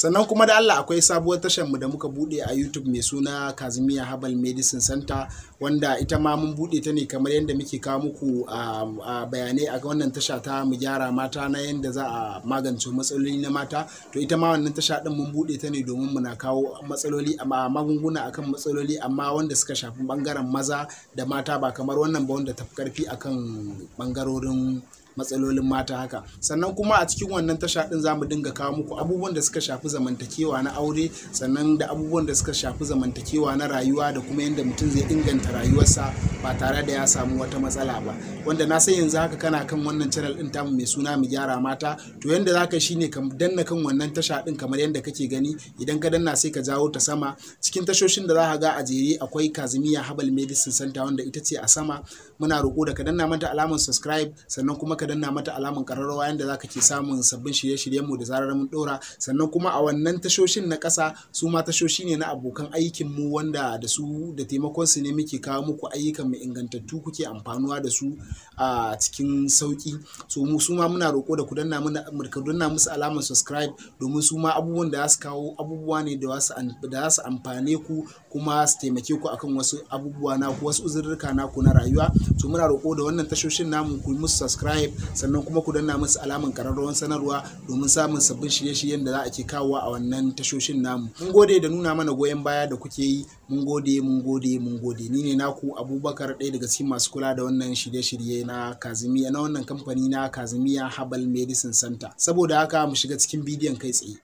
sannan kuma da Allah akwai sabuwar tashar mu da muka bude a YouTube mai suna Kazimiya Herbal Medicine Center wanda ita ma mun bude ta ne kamar yadda muke kawo muku a bayanai a wannan tasha ta mu gyara mata na yadda za a magance matsaloli na mata to ita ma wannan tasha din mun bude ta ne domin muna kawo matsaloli amma magunguna akan matsaloli amma wanda suka shafi bangaren maza da mata ba kamar wannan ba wanda tafi karfi akan bangarorin matsalolin mata haka sannan kuma a cikin wannan tasha din zamu dinga kawo muku abubuwan da suka shafi zamantakewa na aure sannan da abubuwan da suka shafi zamantakewa na rayuwa da kuma yadda mutum zai inganta rayuwarsa ba tare da ya samu wata matsala ba wanda na san yanzu haka kana kan wannan channel din tamu mai suna mu gyara mata to yanda zaka shine ka danna kan wannan tasha din kamar yadda kake gani idan ka danna sai ka jawo ta sama cikin tashoshin da zaka ga a jere akwai Kazimiya Herbal Medicine Center wanda ita ce a sama muna roko da ka danna mata alamar subscribe sannan kuma ka danna mata alamun kararrawa yanda zaka ke samun sabbin shirye-shiryen mu da zarar mun dora sannan kuma a wannan tashoshin na ƙasa su ma tashoshi ne na abokan aikin mu wanda da su da taimakon su ne muke kawo muku ayyukan mu ingantattu kuke amfanuwa da su a cikin sauki so mu su ma muna roko da ku danna muna ku danna musu alamar subscribe domin su ma abubuwan da za su kawo abubuwa ne da za su amfane ku kuma su taimake ku akan wasu abubuwa na ku wasu uzurruka na ku na rayuwa to muna roko da wannan tashoshin namu ku musu subscribe sannan kuma ku danna musu alaman kararron sanarwa domin samun sabbin shirye-shiryen da za a ke kawo a wannan tashoshin namu mun gode da nuna mana goyon baya da kuke yi mun gode mun gode mun gode ni ne naku abubakar ɗaya daga cikin masu kula da wannan shirye-shirye na kazimiya na wannan kamfani na kazimiya habal medicine center saboda haka mu shiga cikin bidiyon kai tsaye